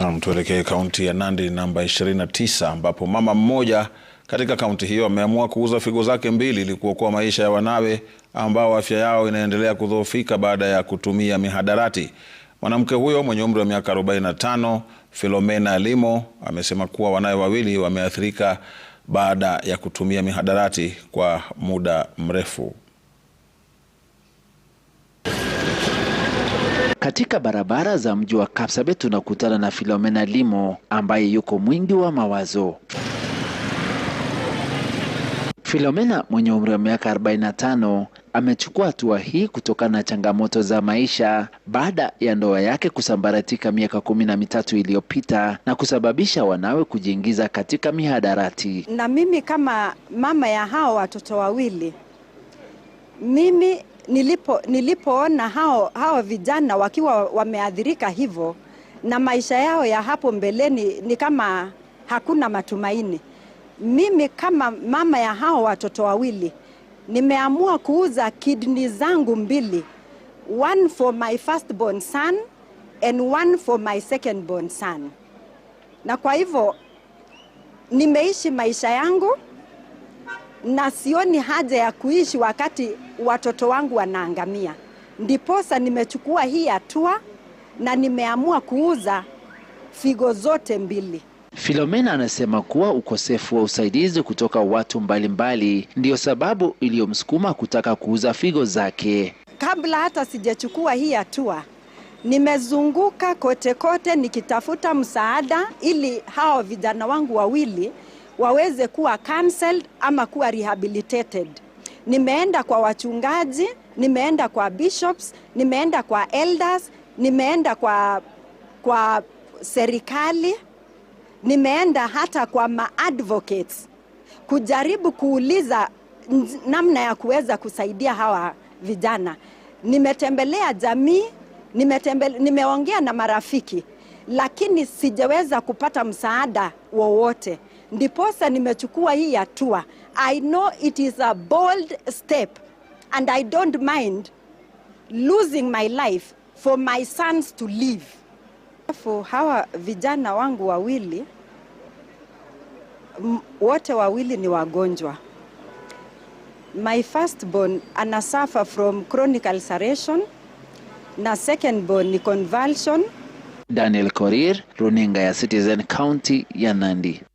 Naam, tuelekee kaunti ya Nandi namba 29 ambapo mama mmoja katika kaunti hiyo ameamua kuuza figo zake mbili ili kuokoa maisha ya wanawe ambao afya yao inaendelea kudhoofika baada ya kutumia mihadarati. Mwanamke huyo mwenye umri wa miaka 45, Philomena Limo, amesema kuwa wanawe wawili wameathirika baada ya kutumia mihadarati kwa muda mrefu. Katika barabara za mji wa Kapsabet tunakutana na filomena Limo ambaye yuko mwingi wa mawazo. filomena mwenye umri wa miaka 45 amechukua hatua hii kutokana na changamoto za maisha baada ya ndoa yake kusambaratika miaka kumi na mitatu iliyopita na kusababisha wanawe kujiingiza katika mihadarati. Na mimi kama mama ya hao watoto wawili, mimi nilipo nilipoona hao, hao vijana wakiwa wameathirika hivyo na maisha yao ya hapo mbeleni ni kama hakuna matumaini. Mimi kama mama ya hao watoto wawili nimeamua kuuza kidney zangu mbili, one for my firstborn son and one for my secondborn son, na kwa hivyo nimeishi maisha yangu na sioni haja ya kuishi wakati watoto wangu wanaangamia. Ndiposa nimechukua hii hatua na nimeamua kuuza figo zote mbili. Filomena anasema kuwa ukosefu wa usaidizi kutoka watu mbalimbali ndiyo sababu iliyomsukuma kutaka kuuza figo zake. Kabla hata sijachukua hii hatua, nimezunguka kote kote nikitafuta msaada ili hawa vijana wangu wawili waweze kuwa cancelled ama kuwa rehabilitated. Nimeenda kwa wachungaji, nimeenda kwa bishops, nimeenda kwa elders, nimeenda kwa, kwa serikali, nimeenda hata kwa maadvocates kujaribu kuuliza namna ya kuweza kusaidia hawa vijana. Nimetembelea jamii, nimetembele, nimeongea na marafiki, lakini sijaweza kupata msaada wowote ndiposa nimechukua hii hatua. I know it is a bold step and I don't mind losing my life for my sons to live. For hawa vijana wangu wawili wote wawili ni wagonjwa. My first ana suffer from chronic ulceration na second bon ni convulsion. Daniel Korir, runinga ya Citizen, County ya Nandi.